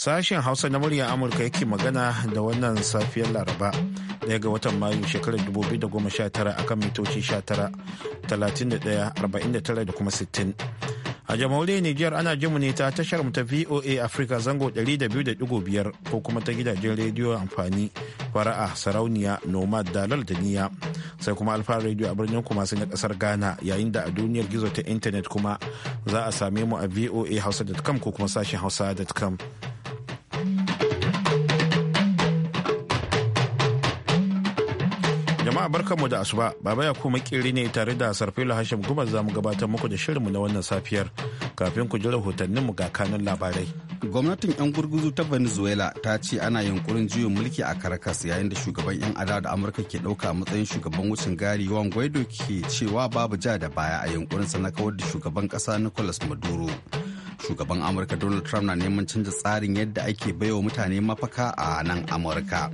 Sashen Hausa na murya Amurka yake magana da wannan safiyar Laraba daya ga watan Mayu shekarar 2019 akan mitoci 19, da kuma 60. a jamhuriyar Nijar ana jimu ne ta tashar mu ta VOA Africa zango 200.5 ko kuma ta gidajen rediyo amfani fara'a sarauniya nomad dalal da niya sai kuma alfa rediyo a birnin kuma na kasar Ghana yayin da a duniyar gizo ta intanet kuma za a same mu a voa hausa.com ko kuma sashen hausa.com jama'a barkanmu da asuba baba ya kuma kiri ne tare da sarfilo hashim kuma za mu gabatar muku da shirinmu na wannan safiyar kafin ku ji rahotannin mu ga kanun labarai gwamnatin yan gurguzu ta venezuela ta ce ana yunkurin juyin mulki a caracas yayin da shugaban yan adawa da amurka ke dauka matsayin shugaban wucin gari juan guaido ke cewa babu ja da baya a sa na kawar da shugaban kasa nicolas maduro shugaban amurka donald trump na neman canza tsarin yadda ake baiwa mutane mafaka a nan amurka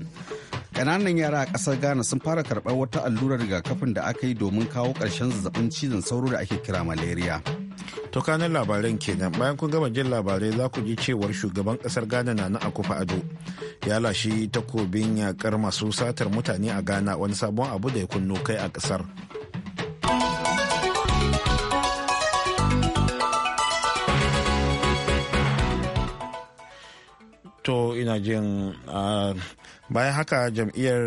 Ƙananan yara a kasar Ghana sun fara karɓar wata allurar rigakafin da aka yi domin kawo ƙarshen zazzabin cizon sauro da ake kira malaria. To kanan labaran kenan bayan kun gama jin labarai za ku ji cewar shugaban kasar Ghana na na akufa ado ya lashi takobin yakar masu satar mutane a Ghana wani sabon abu da ya kunno kai a kasar. To ina jin ah, bayan haka jam'iyyar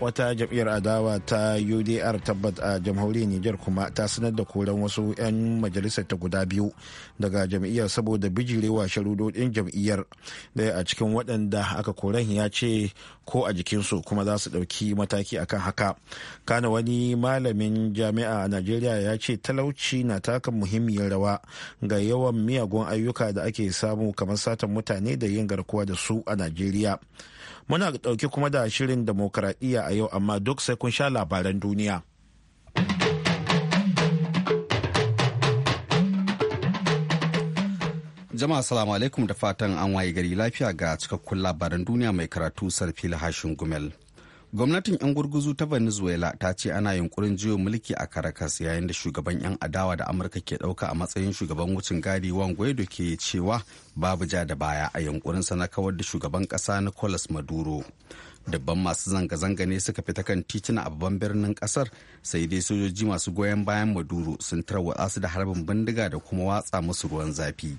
wata jam'iyyar adawa ta udr tabbat a jamhuriyar niger kuma ta sanar da koran wasu 'yan majalisar ta guda biyu daga jam'iyyar saboda bijirewa sharudodin jam'iyyar daya a cikin waɗanda aka koran ya ce ko a jikinsu kuma za su ɗauki mataki akan haka kana wani malamin jami'a a najeriya ya ce talauci na taka muhimmiyar rawa ga yawan miyagun ayyuka da ake samu kamar satan mutane da yin garkuwa da su a najeriya Muna ɗauke kuma da shirin demokaradiyya a yau amma duk sai kun sha labaran duniya. Jama'a salamu alaikum da fatan an waye gari lafiya ga cikakkun labaran duniya mai karatu sarfil hashin gumel. Gwamnatin 'yan gurguzu ta Venezuela ta ce ana yunkurin jiyo mulki a Caracas yayin da shugaban 'yan adawa da Amurka ke ɗauka a matsayin shugaban wucin gadi wan Guaido ke cewa babu ja da baya a yunkurin na kawar da shugaban ƙasa Nicolas Maduro. Dabban masu zanga-zanga ne suka fita kan tituna a babban birnin kasar sai dai sojoji masu goyon bayan Maduro sun tarwatsa su da harbin bindiga da kuma watsa musu ruwan zafi.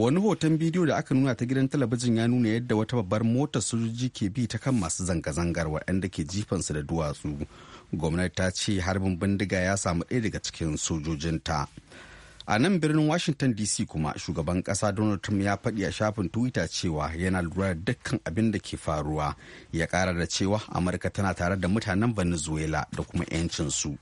wani hoton bidiyo da aka nuna ta gidan talabijin ya nuna yadda wata babbar motar sojoji ke bi ta kan masu zanga-zangar waɗanda ke jifansu da duwatsu gwamnati ta ce harbin bindiga ya samu ɗaya daga cikin sojojinta a nan birnin washington dc kuma shugaban ƙasa donald trump ya faɗi a shafin twitter cewa yana lura da dukkan abin da ke faruwa ya ƙara da cewa amurka tana tare da mutanen venezuela da kuma 'yancinsu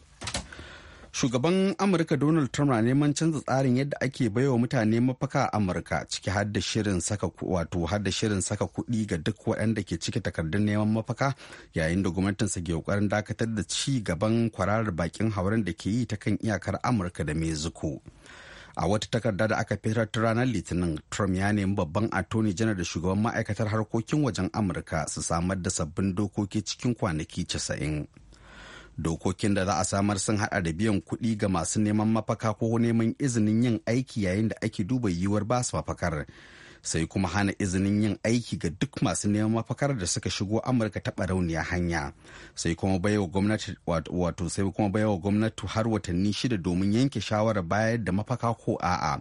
Shugaban Amurka Donald Trump na neman canza tsarin yadda ake baiwa mutane mafaka a Amurka ciki har da shirin saka wato har shirin saka kuɗi ga duk waɗanda ke ciki takardun neman mafaka yayin da gwamnatinsa ke ƙoƙarin dakatar da ci gaban kwararar bakin hauren da ke yi ta kan iyakar Amurka da Mexico. a wata takarda da aka fitar ta ranar litinin trump ya nemi babban attorney janar da shugaban ma'aikatar harkokin wajen amurka su samar da sabbin dokoki cikin kwanaki 90 dokokin da za a samar sun hada da biyan kuɗi ga masu neman mafaka ko neman izinin yin aiki yayin da ake duba yiwuwar basu mafakar sai kuma hana izinin yin aiki ga duk masu neman mafakar da suka shigo amurka ta barauniya hanya sai kuma baiwa gwamnati wato sai kuma bayawa gwamnati har watanni shida domin yanke shawarar bayar da mafaka ko a'a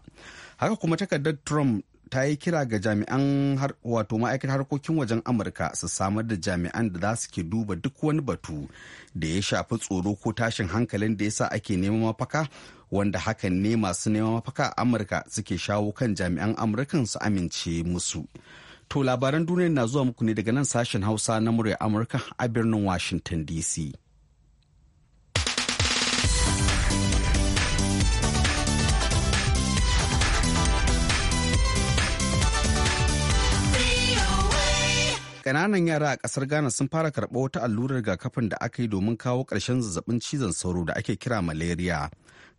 haka kuma takardar trump ta yi kira ga jami'an wato ma'aikatar harkokin wajen amurka su samar da jami'an da za su ke duba duk wani batu da ya shafi tsoro ko tashin hankalin da ya sa ake neman mafaka wanda hakan ne masu neman mafaka a amurka suke shawo kan jami'an amurkan su amince musu to labaran duniya na zuwa muku ne daga nan sashen hausa na murya amurka a birnin washington dc ƙananan yara a ƙasar ghana sun fara karɓo wata allurar rigakafin da aka yi domin kawo ƙarshen zazzabin cizon sauro da ake kira malaria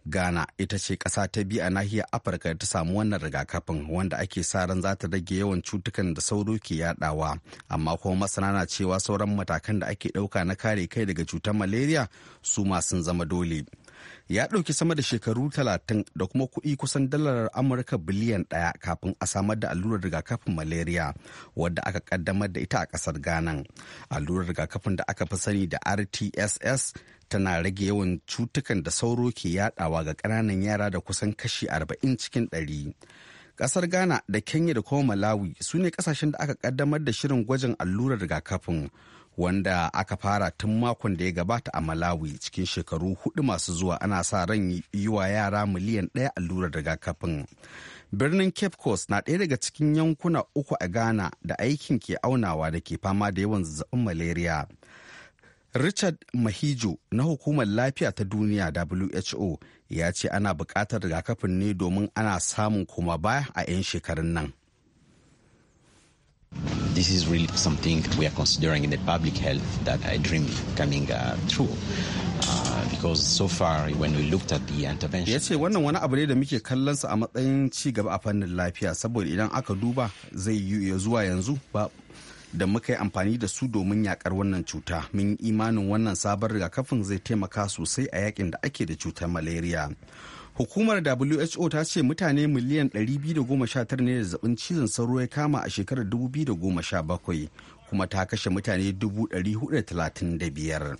ghana ita ce ƙasa ta biyu a nahiyar afirka da ta samu wannan rigakafin wanda ake sa ran za ta rage yawan cutukan da sauro ke yadawa amma kuma masana na cewa sauran matakan da ake ɗauka na kare kai daga cutar malaria su ma sun zama dole ya ɗauki sama da shekaru talatin da kuma kuɗi kusan dalar amurka biliyan ɗaya kafin a samar da allurar rigakafin malaria wadda aka ƙaddamar da ita a ƙasar ghana allurar rigakafin da aka fi sani da rtss tana rage yawan cutukan da sauro ke yadawa ga ƙananan yara da kusan kashi 40 cikin 100. Ƙasar Ghana da Kenya da kuma Malawi su ne ƙasashen da aka ƙaddamar da shirin gwajin allurar rigakafin wanda aka fara tun makon da ya gabata a Malawi cikin shekaru hudu masu zuwa ana sa ran yi wa yara miliyan ɗaya allurar rigakafin. Birnin Cape Coast na ɗaya daga cikin yankuna uku a Ghana da aikin ke aunawa da ke fama da yawan zazzabin malaria. Richard Mahijo na Hukumar Lafiya ta Duniya WHO ya ce ana buƙatar rigakafin ne domin ana samun koma baya a 'yan shekarun nan. This is really something we are considering in the public health that I dream coming uh, through. Uh, we ya ce wannan wani abu ne da muke kallonsa a matsayin ci gaba a fannin lafiya saboda idan aka duba zai yi zuwa yanzu da muka yi amfani da su domin yakar wannan cuta mun imanin wannan sabon rigakafin zai taimaka sosai a yakin da ake da cutar malaria hukumar who ta ce mutane miliyan 219 ne da zaɓin cizon sauro ya kama a shekarar 2017 kuma ta kashe mutane 435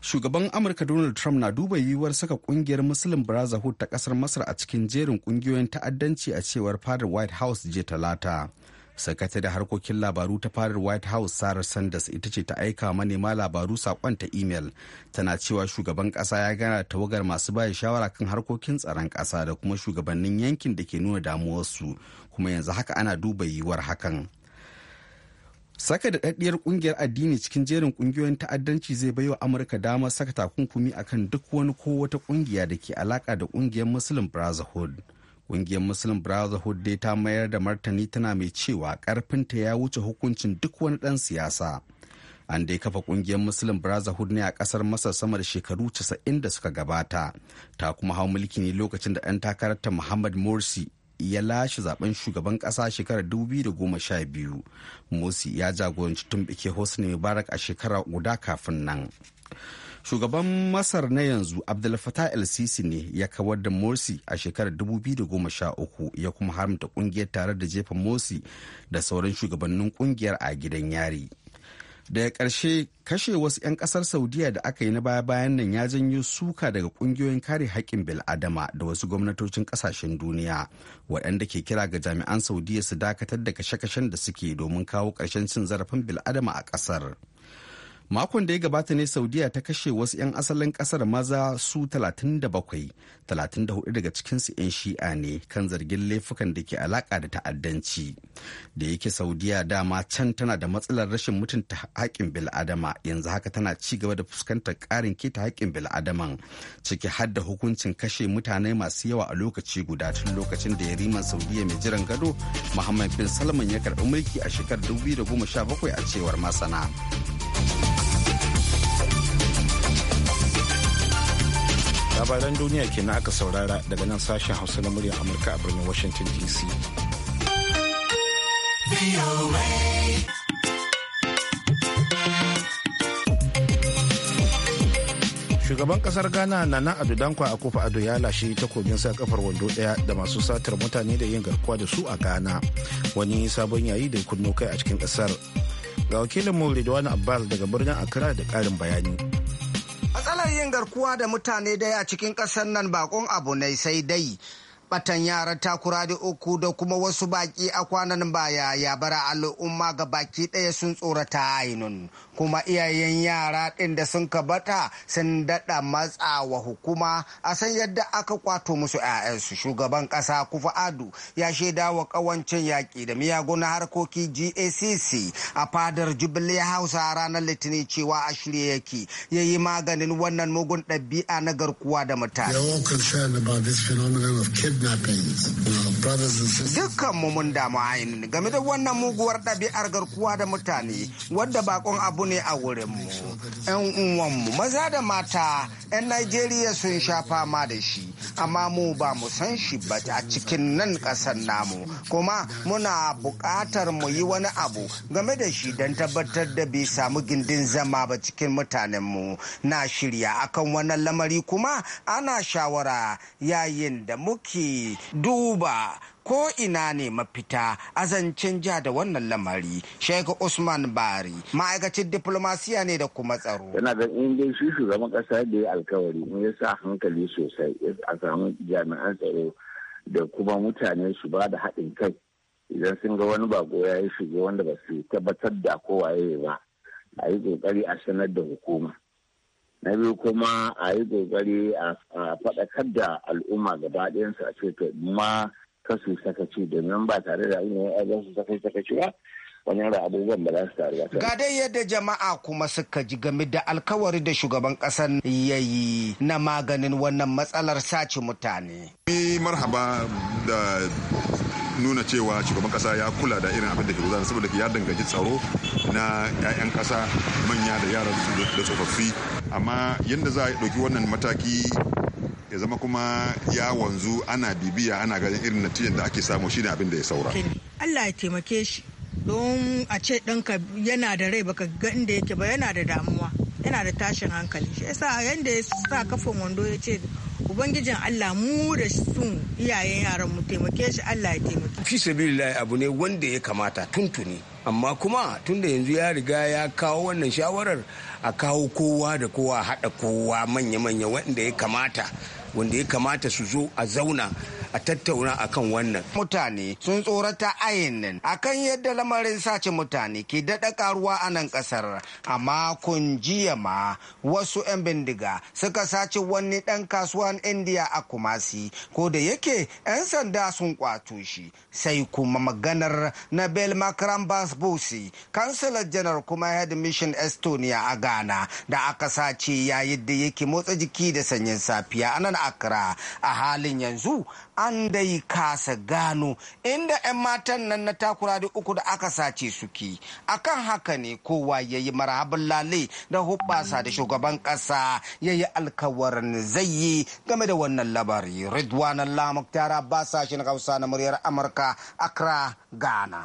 shugaban amurka donald trump na duba yiwuwar saka kungiyar muslim brotherhood ta kasar masar a cikin jerin kungiyoyin ta'addanci a cewar fadar white house je talata da harkokin labaru ta farar white house sarah sanders ita ce ta aika manema labaru sakon ta imel tana cewa shugaban kasa ya gana da tawagar masu baya shawara kan harkokin tsaron kasa da kuma shugabannin yankin da ke nuna damuwarsu kuma yanzu haka ana duba yiwuwar hakan saka da daddiyar kungiyar addini cikin jerin ƙungiyoyin ta'addanci zai baiwa amurka damar saka takunkumi akan duk wani ko wata ƙungiya da ke alaƙa da ƙungiyar muslim brotherhood Ƙungiyar Muslim Brotherhood dai ta mayar da martani tana mai cewa ƙarfinta ya wuce hukuncin duk wani ɗan siyasa. An dai kafa ƙungiyar Muslim Brotherhood ne a ƙasar Masar sama da shekaru 90 da suka gabata. Ta kuma hau mulki ne lokacin da ɗan takararta Muhammad Morsi ya lashe zaben shugaban ƙasa shekarar 2012. Morsi ya jagoranci tumɓuke Hosni Mubarak a shekara guda kafin nan. Shugaban Masar na yanzu abdul Fattah el-Sisi ne ya kawar da Morsi a shekarar 2013 ya kuma haramta kungiyar tare da jefa Morsi da sauran shugabannin kungiyar a gidan yari. Daga ƙarshe kashe wasu 'yan ƙasar Saudiya da aka yi na baya-bayan nan ya janyo suka daga ƙungiyoyin kare haƙƙin bil'adama da wasu gwamnatocin ƙasashen duniya waɗanda ke kira ga jami'an Saudiya su dakatar da kashe-kashen da suke domin kawo ƙarshen cin zarafin bil'adama a ƙasar. makon da ya gabata ne saudiya ta kashe wasu 'yan asalin kasar maza su 37 34 daga cikinsu 'yan shi'a ne kan zargin laifukan da ke alaka da ta'addanci da yake saudiya dama can tana da matsalar rashin mutunta haƙƙin bil'adama yanzu haka tana ci gaba da fuskantar ƙarin keta haƙƙin bil'adaman ciki har da hukuncin kashe mutane masu yawa a lokaci guda tun lokacin da ya riman saudiya mai jiran gado muhammad bin salman ya karɓi mulki a shekarar 2017 a cewar masana. labaran duniya ke kenan aka saurara daga nan sashen hausa na muryar amurka a birnin washington dc shugaban kasar ghana nana ado dankwa a kofa ado ya lashe takobin sa kafar wando daya da masu satar mutane da yin garkuwa da su a ghana wani sabon yayi da kunno kai a cikin kasar ga wakilin ridwan abbas daga birnin accra da karin bayani yin garkuwa da mutane daya a cikin ƙasar nan bakon abu ne sai dai batan yara takura da uku da kuma wasu baki a kwanan baya ya bara al'umma ga baki ɗaya sun tsorata ainun kuma iyayen yara ɗin da sun kabata sun daɗa wa hukuma a san yadda aka kwato musu 'ya'yansu shugaban ƙasa kufa adu ya shaida wa ƙawancin yaƙi da miyagun harkoki gacc a fadar jubilee hausa ranar litinin cewa a shirye yake ya yi maganin wannan mugun ɗabi'a na garkuwa da mutane. Dukkan mu mun damu ainihin game da wannan muguwar ɗabi'ar garkuwa da mutane wadda bakon abu ne a wurinmu. 'Yan uwanmu maza da mata 'yan Najeriya sun sha fama da shi, amma mu ba mu san shi ba a cikin nan ƙasar namu. Kuma muna buƙatar mu yi wani abu game da shi don tabbatar da bai samu gindin zama ba cikin mutanen mu. Na shirya akan wannan lamari kuma ana shawara yayin da muke duba ko ina ne mafita a zancen ja da wannan lamari shaiku usman bari ma'aikacin diplomasiya ne da kuma tsaro yana da in dai shi shugaban kasa da ya alkawari in ya sa hankali sosai a samu jami'an tsaro da kuma mutane su ba da haɗin kai idan sun ga wani bako ya yi wanda ba su tabbatar da kowaye ba a yi kokari a sanar da hukuma na biyu kuma a yi dogari a faɗakar da al'umma gaba ɗayansu a ce ma kasu sakaci domin ba tare da yin wani su sakaci sakaci ba wani da abubuwan ba za su taru ga dai yadda jama'a kuma suka ji game da alkawari da shugaban ƙasar ya yi na maganin wannan matsalar sace mutane. Eh, marhaba da nuna cewa shugaban kasa ya kula da irin abin da ke gudana saboda ya danganci tsaro na 'ya'yan kasa manya da yara da tsofaffi amma yadda za a ɗauki wannan mataki ya zama kuma ya wanzu ana bibiya ana ganin irin natijan da ake samu shine abin da ya saura Allah ya taimake shi don a ce ɗanka yana da rai baka ga inda yake ba yana da damuwa yana da tashin hankali shi yasa yanda ya sa kafin wando ya ce ubangijin Allah mu da sun iyayen yaran mu taimake shi Allah ya taimake fi sabilillahi abu ne wanda ya kamata tuntuni amma kuma tunda yanzu ya riga ya kawo wannan shawarar a kawo kowa da kowa haɗa kowa manya-manya wanda ya kamata wanda ya kamata su zo a zauna a tattauna akan wannan. Mutane sun tsorata nan akan yadda lamarin sace mutane ke daɗa karuwa a nan ƙasar. A makon jiya ma wasu 'yan bindiga suka sace wani ɗan kasuwan Indiya a Kumasi ko da yake 'yan sanda sun kwato shi. Sai kuma maganar na Nabel Makram Bosi, kansalar janar kuma head mission Estonia a Ghana da aka sace yayin da yake motsa jiki da sanyin safiya a nan Accra a halin yanzu an dai kasa gano inda 'yan matan nan na takura da uku da aka sace suke akan haka ne kowa ya yi marhaban lale da hubbasa da shugaban ƙasa ya yi alkawarin zai yi game da wannan labari ridwan allah muktar ba sashen hausa na muryar amurka accra ghana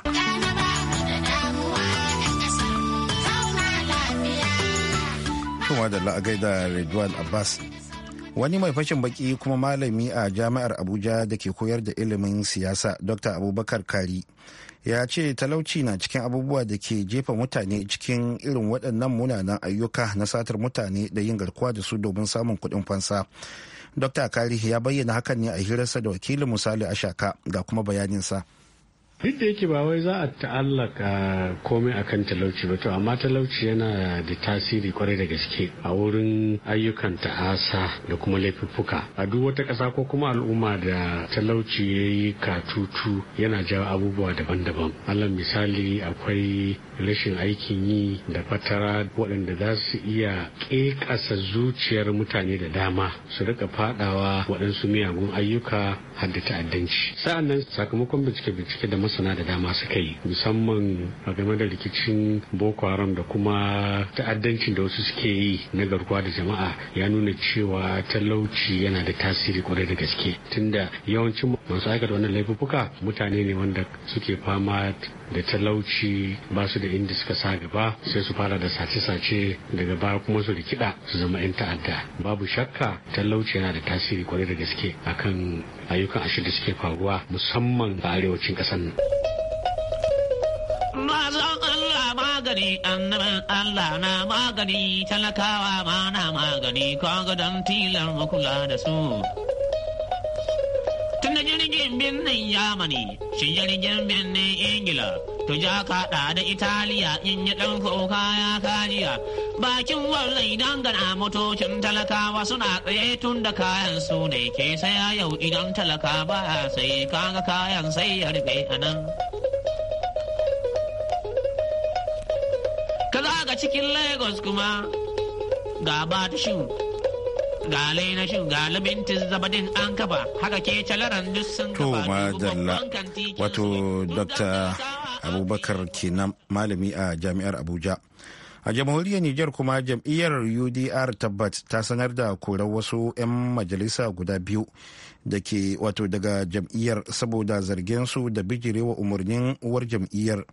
Kuma da la'agai da Ridwan Abbas wani mai fashin baki kuma malami a jami'ar abuja da ke koyar da ilimin siyasa dr abubakar kari ya ce talauci na cikin abubuwa da ke jefa mutane cikin irin waɗannan munanan ayyuka na satar mutane da yin garkuwa da su domin samun kuɗin fansa dr kari ya bayyana hakan ne a hirarsa da wakilin misali ashaka ga kuma bayaninsa. duk da yake ba wai za a ta'allaka komai akan talauci ba to amma talauci yana da tasiri kwarai da gaske a wurin ayyukan ta'asa da kuma laifuffuka a duk wata ƙasa ko kuma al'umma da talauci ya yi katutu yana jawo abubuwa daban-daban alal misali akwai rashin aikin yi da fatara waɗanda za su iya ƙeƙasa zuciyar mutane da dama su rika faɗawa waɗansu miyagun ayyuka hadda ta'addanci sa'an nan sakamakon bincike-bincike da masana da dama suka yi musamman a game da rikicin boko haram da kuma ta'addancin da wasu suke yi na garkuwa da jama'a ya nuna cewa talauci yana da tasiri kwarai da gaske tunda yawancin masu aikata wannan laifuka mutane ne wanda suke fama da talauci ba su da inda suka sa gaba sai su fara da sace-sace daga baya kuma su rikida su zama 'yan ta'adda babu shakka talauci yana da tasiri kwarai da gaske akan ayyukan ashirin da suke faruwa musamman a arewacin ƙasar nan. magani annaban Allah na magani talakawa ma na magani ga don tilar makula da su. jirgin birnin yamani shi jirgin birnin ingila to ja kaɗa da italiya in yi ɗan kuka ya kajiya bakin wallai gana motocin talakawa suna tsaye tun da kayan su ne ke saya yau idan talaka ba sai kaga kayan sai ya rufe a nan ka cikin lagos kuma ga ba ta galai na shin ga zabadin an kafa haka ke calaran duk sun kafa to jalla wato dr abubakar kenan malami a jami'ar abuja a jamhuriyar niger kuma jam'iyyar udr tabbat ta sanar da korar wasu 'yan majalisa guda biyu da ke wato daga jam'iyyar saboda zargin su da bijirewa umarnin uwar jam'iyyar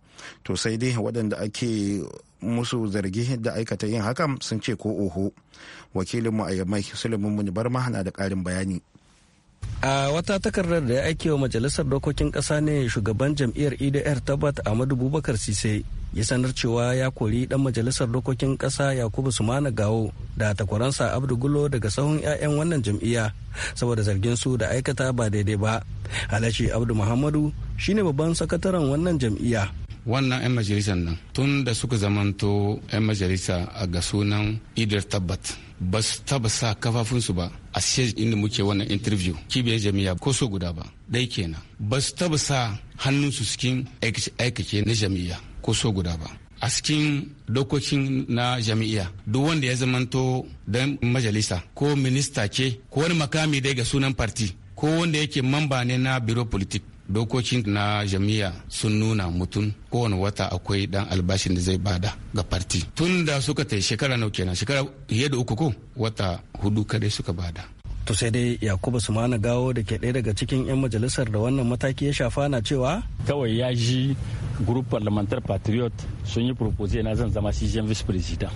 to sai dai waɗanda ake musu zargi da aikata yin hakan sun ce ko oho wakilinmu a yamai suleiman munibarma na da ƙarin bayani a wata takardar da ya aike wa majalisar dokokin ƙasa ne shugaban jam'iyyar edr tabbat Ahmadu bubakar sise ya sanar cewa ya kori dan majalisar dokokin ƙasa yakubu sumana gawo da takwaransa abdu gulo daga sahun 'ya'yan wannan jam'iyya saboda zargin su da aikata ba daidai ba alhaji abdu muhammadu shine babban sakataren wannan jam'iyya wannan 'yan majalisar nan tun da suka zamanto 'yan majalisa a ga sunan idris tabbat ba su taba sa kafafunsu ba a inda muke wannan interview kibiyar jami'a ko so guda ba dai kenan ba su taba sa hannunsu cikin aikace na jami'a ko so guda ba a cikin dokokin na jami'a duk wanda ya zamanto dan majalisa ko minista ce ko wani makami dai ga sunan parti ko wanda yake mamba ne na biro politik dokokin na jami'a sun nuna mutum kowane wata akwai dan albashin da zai bada ga farti tun da suka ta shekara nau kenan shekara fiye da uku ko wata hudu kadai suka bada to sai dai yakubu mana gawo da ke ɗaya daga cikin 'yan majalisar da wannan mataki ya shafa na cewa kawai ya ji group parliamentar patriot sun yi propose na zan zama cgm vice president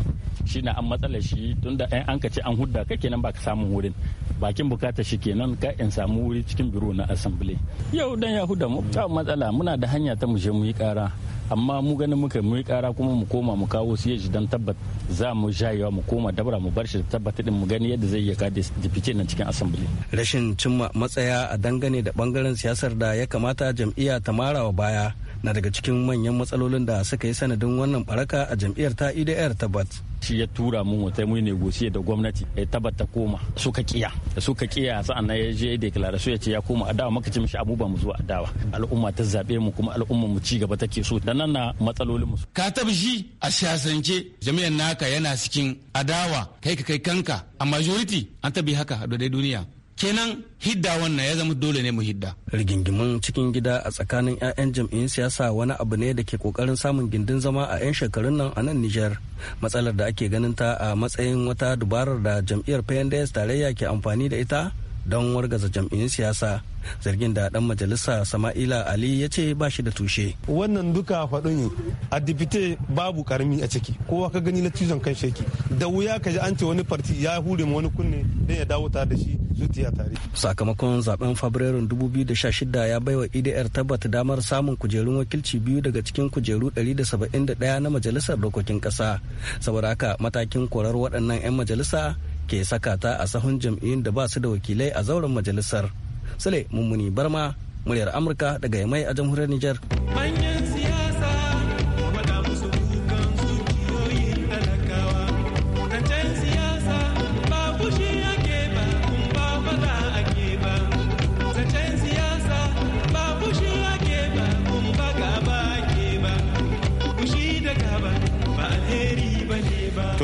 shi na an matsala shi tunda da an ka ce an hudda ka kenan ka samun wurin bakin bukata shi kenan ka in samu wuri cikin biro na assembly yau dan ya hudda mu matsala muna da hanya ta mu je mu yi kara amma mu ganin muka mu kara kuma mu koma mu kawo su yaji don tabbat za mu jayewa mu koma dabara mu bar shi da tabbata din mu gani yadda zai iya kada da fice nan cikin asambili rashin cimma matsaya a dangane da bangaren siyasar da ya kamata jam'iyya ta marawa baya na daga cikin manyan matsalolin da suka yi sanadin wannan baraka a jam'iyyar ta idr e tabbat shi ya tura mun wata mu negosiye da gwamnati ya tabbata ta koma suka kiya suka kiya sa'an ya je declare su ya ce ya koma a adawa maka ci mishi abubuwa mu zuwa adawa al'umma ta zabe mu kuma al'umma mu ci gaba take so da nan na matsalolin mu ka tabshi a siyasance jami'an naka yana cikin adawa kai ka kai kanka a majority an tabi haka a duniya kenan hidda wannan ya zama dole ne mu hidda. rigingimin cikin gida a tsakanin 'ya'yan jam'iyyun siyasa wani abu ne da ke kokarin samun gindin zama a 'yan shekarun nan a nan nijar matsalar da ake ganin ta a matsayin wata dubarar da jam'iyyar pnds tarayya ke amfani da ita don wargaza jam'iyyun siyasa zargin da dan majalisa sama'ila ali ya ce ba shi da tushe wannan duka faɗo ne a dipite babu karami a ciki kowa ka gani na cizon kan sheki da wuya ka ji an ce wani farti ya hure wani kunne don ya dawo ta da shi zuciya tare sakamakon zaben fabrairun 2016 ya baiwa idr e tabbat damar samun kujerun wakilci biyu daga cikin kujeru 171 na majalisar dokokin kasa saboda haka matakin korar waɗannan 'yan majalisa ke saka ta a sahun jam'iyyun da ba su da wakilai a zauren majalisar sule mummuni barma muryar amurka daga yamai a jamhuriyar Nijar.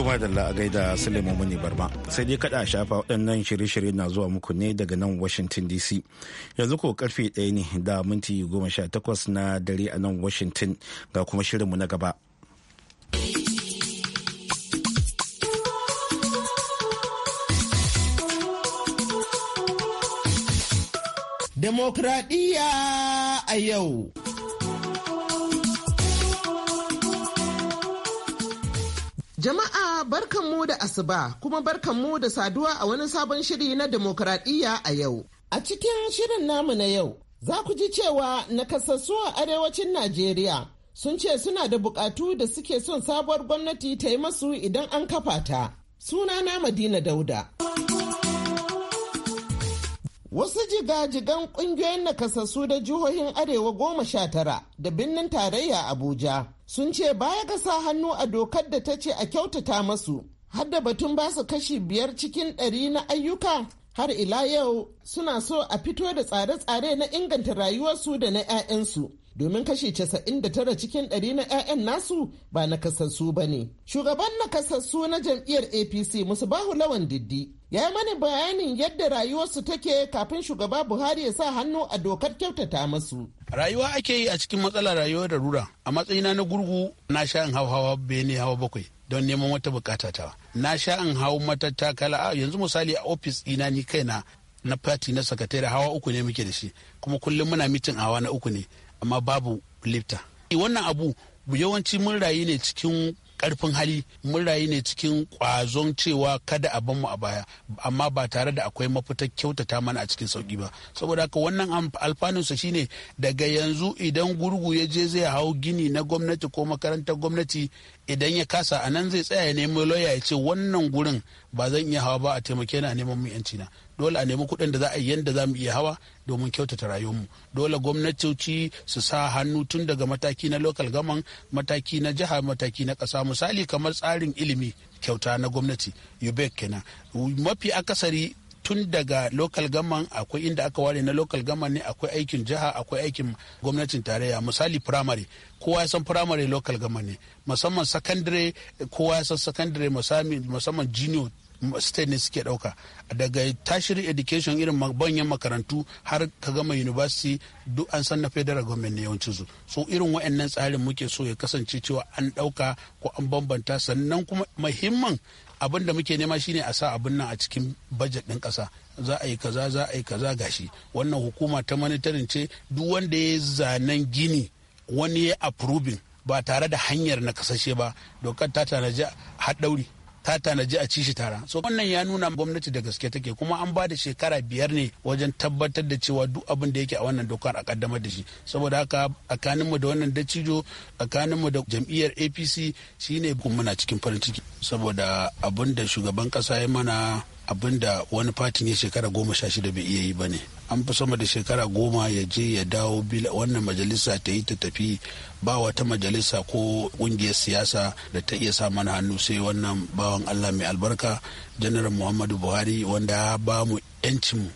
To da a gaida Suleiman Muni Barma. Sai dai kada shafa waɗannan shirye-shirye na zuwa muku ne daga nan Washington DC. Yanzu ko karfe ɗaya ne da minti goma sha takwas na dare a nan Washington ga kuma shirin mu na gaba. Demokradiyya a yau. Jama'a barkanmu da asuba kuma barkanmu da saduwa a wani sabon shiri na demokradiyya a yau. A cikin shirin namu na yau, za ku ji cewa nakasassu a arewacin Najeriya sun ce suna da bukatu da suke son sabuwar gwamnati ta yi masu idan an kafa ta. Sunana Madina Dauda. Wasu jiga-jigan ƙungiyoyin nakasassu da jihohin Arewa goma sha tara da birnin tarayya Abuja sun ce baya ga sa hannu a dokar da ta ce a kyautata masu har da batun ba su kashi biyar cikin ɗari na ayyuka har ila yau suna so a fito da tsare-tsare na inganta rayuwarsu da na 'ya'yansu domin kashi 99 cikin ɗari na 'ya'yan nasu ba nakasassu ba ne. Shugaban nakasassu na jam'iyyar APC musu bahu Lawan Diddi ya yi mani bayanin yadda rayuwarsu take kafin shugaba buhari ya sa hannu a dokar kyautata masu rayuwa ake yi a cikin matsalar rayuwar da rura a matsayina na gurgu na sha in hau hawa bene hawa bakwai don neman wata bukata ta na sha in hau a yanzu misali a ofis ina ni kaina na fati na sakatare hawa uku ne muke da shi kuma kullum muna mitin hawa na uku ne amma babu lifta wannan abu yawanci mun rayu ne cikin karfin hali mun rayu ne cikin kwazon cewa kada a banmu a baya amma ba tare da akwai mafita kyautata mana a cikin sauki ba saboda haka wannan alfanunsa shine daga yanzu idan gurgu ya je zai hau gini na gwamnati ko makarantar gwamnati idan ya kasa a nan zai tsaya ya nemo lauya ya ce wannan gurin ba zan iya hawa ba a taimake na neman mu yanci na dole a nemi kuɗin da za a yi yadda za mu iya hawa domin kyautata rayuwarmu dole gwamnatoci su sa hannu tun daga mataki na local gaman mataki na jiha mataki na ƙasa misali kamar tsarin ilimi kyauta na gwamnati ubek kenan mafi akasari tun daga local gaman akwai inda aka ware na local gaman ne akwai aikin jiha akwai aikin gwamnatin tarayya misali primary kowa ya san primary local gaman ne musamman secondary kowa ya san secondary musamman junior state ne suke dauka daga tashiri education irin banyan makarantu har ka gama university duk an san na federal government ne yawancin su so irin wa'annan tsarin muke so ya kasance cewa an dauka ko an bambanta sannan kuma muhimman abin da muke nema shine a sa abin nan a cikin budget ɗin kasa za a yi kaza za a yi kaza gashi wannan hukuma ta manitarin ce duk wanda ya zanen gini wani ya approving ba tare da hanyar na kasashe ba dokar ta tanaji haɗauri ta tanaji a ci shi tara so wannan ya nuna gwamnati da gaske take kuma an ba da shekara biyar ne wajen tabbatar da cewa duk abin da yake a wannan dokar a kaddamar da shi saboda haka tsakaninmu da wannan dacijo tsakaninmu da jam'iyyar apc shine muna cikin farin ciki saboda abin da shugaban kasa ya mana abinda wani fatin ya shekara goma sha shida bai iya yi ba ne an fi sama da shekara goma ya je ya dawo wannan majalisa ta yi ta tafi ba wata majalisa ko ƙungiyar siyasa da ta iya sa mana hannu sai wannan bawan allah mai albarka janaral muhammadu buhari wanda ya ba mu 'yancinmu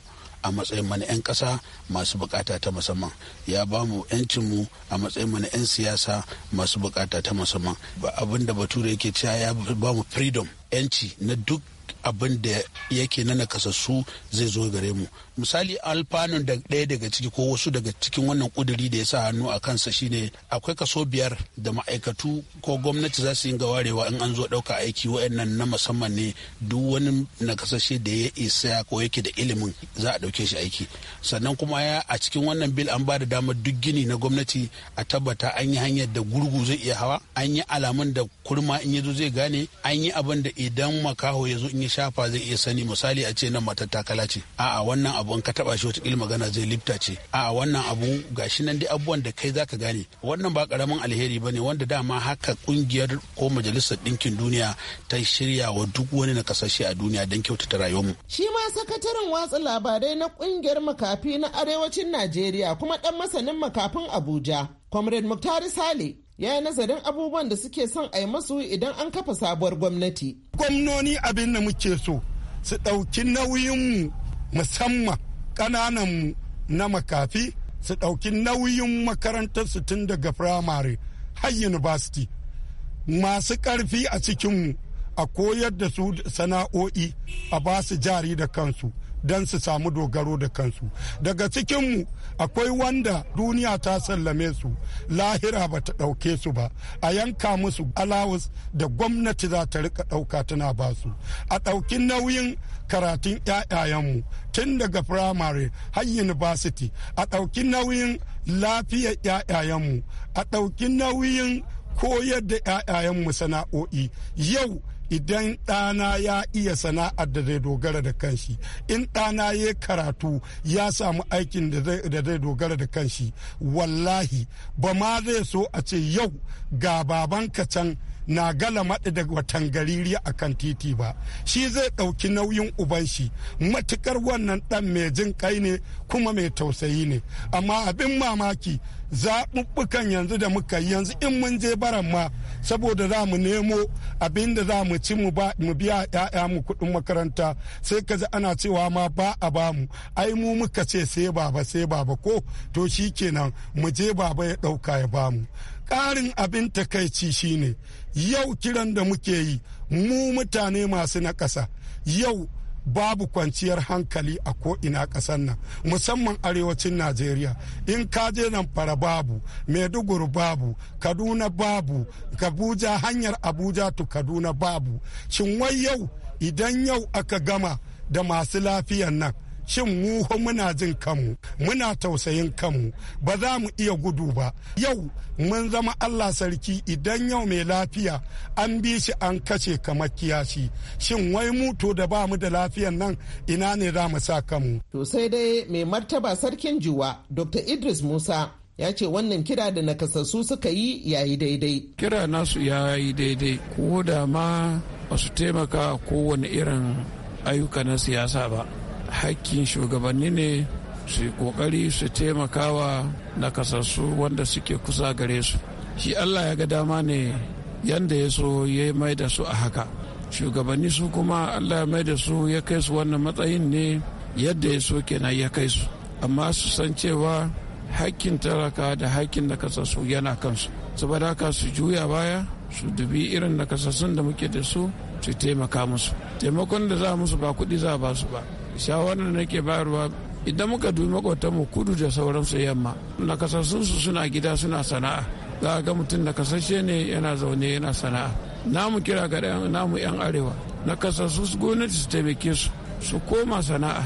a matsayin mana 'yan ƙasa masu bukata ta musamman ya ba mu 'yancinmu a matsayin mana 'yan siyasa masu bukata ta musamman abin da bature yake cewa ya ba mu freedom 'yanci na duk abin da yake na nakasassu zai zo gare mu misali alfanun da ɗaya daga ciki ko wasu daga cikin wannan kuduri da ya sa hannu a kansa shine akwai kaso biyar da ma'aikatu ko gwamnati za su yi ga warewa in an zo ɗauka aiki wa'annan na musamman ne duk wani nakasashe da ya isa ko yake da ilimin za a ɗauke shi aiki sannan kuma ya a cikin wannan bil an ba da damar duk gini na gwamnati a tabbata an yi hanyar da gurgu zai iya hawa an yi alamun da kurma in ya zo zai gane an yi abin da idan makaho ya zo in ya shafa zai iya sani misali a ce nan matattakala ce a'a wannan abu an ka taba shi wata magana zai lifta ce a wannan abu gashi nan dai abubuwan da kai zaka gane wannan ba karamin alheri bane wanda dama haka kungiyar ko majalisar dinkin duniya ta shirya wa duk wani na kasashe a duniya don kyautata rayuwarmu. shi ma sakataren watsa labarai na kungiyar makafi na arewacin najeriya kuma dan masanin makafin abuja comrade muktari sale ya yi nazarin abubuwan da suke son a yi masu idan an kafa sabuwar gwamnati. Gwamnoni abin da muke so su ɗauki nauyinmu musamman ƙananan na makafi su ɗauki nauyin makarantar su tun daga firamare har university masu ƙarfi a cikinmu a koyar da su sana'o'i a ba su jari da kansu don su samu dogaro da kansu daga cikinmu akwai wanda duniya ta sallame su lahira ba ta ɗauke su ba a yanka musu alawus da gwamnati za ta rika ɗauka tana ba su a ɗauki nauyin karatun 'ya'yayenmu tun daga firamare har university a ɗauki nauyin lafiyar 'ya'yayenmu a ɗauki nauyin koyar da 'ya'yayenmu sana'o'i yau idan ɗana ya iya sana'ar da zai dogara da kanshi in ɗana ya karatu ya samu aikin da zai dogara da kanshi wallahi ba ma zai so a ce yau ga babanka can na gala maɗi da watan gariri a kan titi ba shi zai ɗauki nauyin uban shi matukar wannan ɗan mai jin kai ne kuma mai tausayi ne amma abin mamaki zaɓuɓɓukan yanzu da muka yi yanzu in mun je baran ma saboda za mu nemo abin da za mu ci mu biya ya'ya mu kuɗin makaranta sai ka ji ana cewa ma ba a ba mu ai mu muka ce sai baba sai baba ko to shi kenan mu je baba ya ɗauka ya ba mu ƙarin abin takaici shine yau kiran da muke yi mu mutane masu na ƙasa yau babu kwanciyar hankali a ko'ina ƙasar nan musamman arewacin najeriya in ka je nan fara babu maiduguri babu kaduna babu kabuja hanyar abuja to kaduna babu shin wai yau idan yau aka gama da masu lafiyan nan shin mu muna jin kanmu muna tausayin kanmu ba za mu iya gudu ba yau mun zama allah sarki idan yau mai lafiya an bi shi an kashe kamar kiyashi shin wai muto da ba mu da lafiyan nan ina ne za mu sa kanmu to sai dai mai martaba sarkin juwa dr idris musa ya ce wannan kira da nakasassu suka yi yayi daidai kira nasu yayi daidai ko da ma ba su taimaka kowane irin ayyuka na siyasa ba hakkin shugabanni ne su yi kokari su taimakawa nakasassu wanda suke kusa gare su shi allah ya ga dama ne yanda ya so ya mai da su a haka shugabanni su kuma allah ya mai da su ya kai su wannan matsayin ne yadda ya so kenan ya kai su amma su san cewa hakkin talaka da hakkin nakasassu yana kansu saboda haka su juya baya su dubi irin nakasassun da muke da su su taimaka musu taimakon da za musu ba kuɗi za ba su ba shawarar da ke bayarwa idan muka dubi mu kudu da sauransu yamma nakasassunsu suna gida suna sana'a za ga mutum nakasashe ne yana zaune yana sana'a namu kira ga namu yan arewa nakasassu gwamnati su taimake su su koma sana'a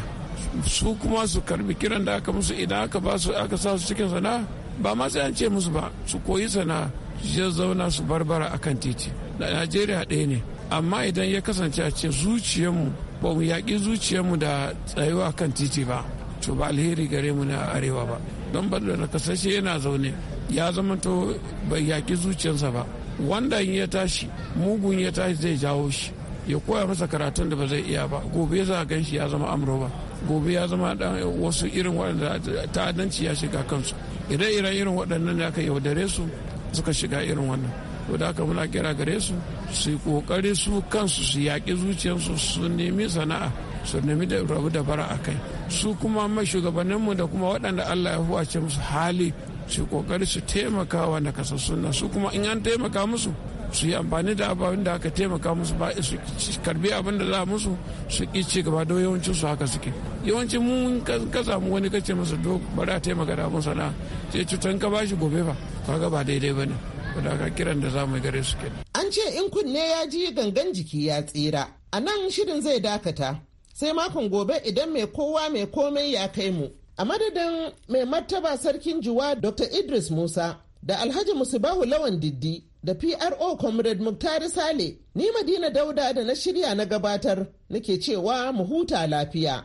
su kuma su karbi kiran da aka musu idan aka ba su aka sa su cikin sana'a ba ma sai an ce musu ba su koyi sana'a su zauna su barbara akan titi da najeriya ɗaya ne amma idan ya kasance a ce zuciyarmu ba mu yaƙi zuciyarmu da tsayuwa kan titi ba to ba alheri gare mu na arewa ba don ba da nakasashe yana zaune ya zama to bai yaƙi zuciyarsa ba wanda ya tashi mugun ya tashi zai jawo shi ya koya masa karatun da ba zai iya ba gobe za a gan shi ya zama amro ba gobe ya zama dan wasu irin waɗanda ta'addanci ya shiga kansu ire-iren irin waɗannan ya aka yaudare su suka shiga irin wannan ko da aka muna kira gare su su kokari su kansu su yaƙi zuciyarsu su nemi sana'a su nemi da rabu da bara a kai su kuma mashugabanninmu da kuma waɗanda allah ya huwace musu hali su kokari su taimaka wa kasar suna su kuma in an taimaka musu su yi amfani da abin da aka taimaka musu ba su karbi abin da za musu su ki ci gaba da yawancin su haka suke yawanci mun ka samu wani kace masa do bari a taimaka da abin sana'a ce cutan ka bashi gobe ba kaga ba daidai bane kiran da za mu gare su kenan. An ce in kunne ya ji gangan jiki ya tsira. A nan shirin zai dakata. Sai makon gobe idan mai kowa mai komai ya kai mu. A madadin mai martaba sarkin juwa Dr. Idris Musa da Alhaji Musubahu Lawan Diddi da PRO Comrade Muktari Sale, ni Madina Dauda da na shirya na gabatar, nake cewa mu huta lafiya.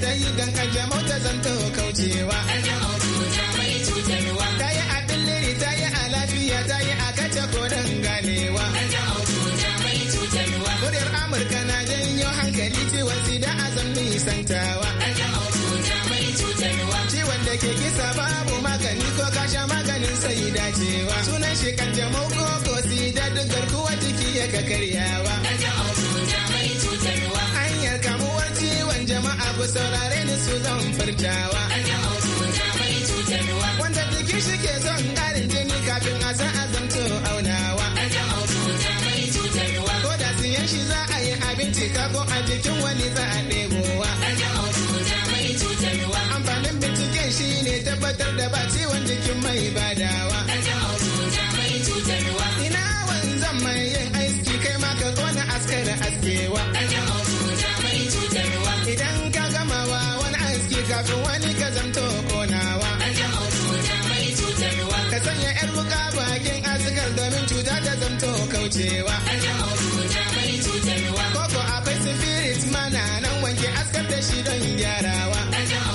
ta yi don kanjamau ta zanto kaucewa. Ta yi a billiri ta yi a lafiya ta yi a kace koren ganewa. Muryar Amurka na janyo hankali ciwon sida a zan nisantawa. Ciwon da ke kisa babu magani ko kasha maganin sai dacewa. Sunan shi kanjamau ko ko sida duk garkuwa jiki ya ka karyawa. abu saurare ni su zan farcawa wanda jikin shi ke son ƙarin jini kafin a san azamto aunawa ko da siyan shi za a yi abinci ka ko a jikin wani za a ɗebowa amfanin binciken shi ne tabbatar da ba ciwon jikin mai badawa ina wanzan mai yin aiki kai ma ka kona askara askewa idan ka gama wani aski kafin wani ka zamto konawa ka sanya yar wuka bakin asikar domin cuta ta zamto kaucewa koko akwai spirit mana nan wanke askar da shi don gyarawa